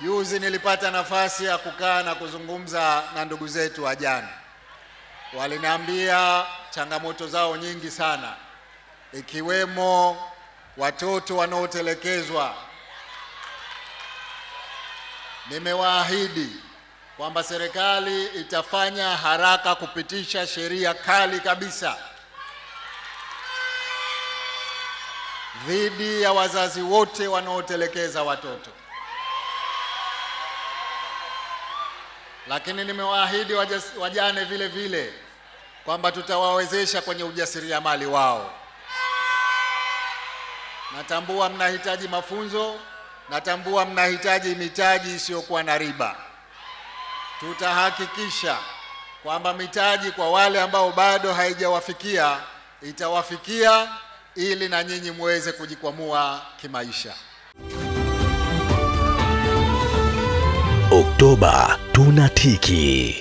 Juzi nilipata nafasi ya kukaa na kuzungumza na ndugu zetu Wajane. Waliniambia changamoto zao nyingi sana, ikiwemo watoto wanaotelekezwa. Nimewaahidi kwamba serikali itafanya haraka kupitisha sheria kali kabisa dhidi ya wazazi wote wanaotelekeza watoto. lakini nimewaahidi wajane vile vile kwamba tutawawezesha kwenye ujasiriamali wao. Natambua mnahitaji mafunzo, natambua mnahitaji mitaji isiyokuwa na riba. Tutahakikisha kwamba mitaji kwa wale ambao bado haijawafikia itawafikia ili na nyinyi muweze kujikwamua kimaisha. Oktoba tunatiki.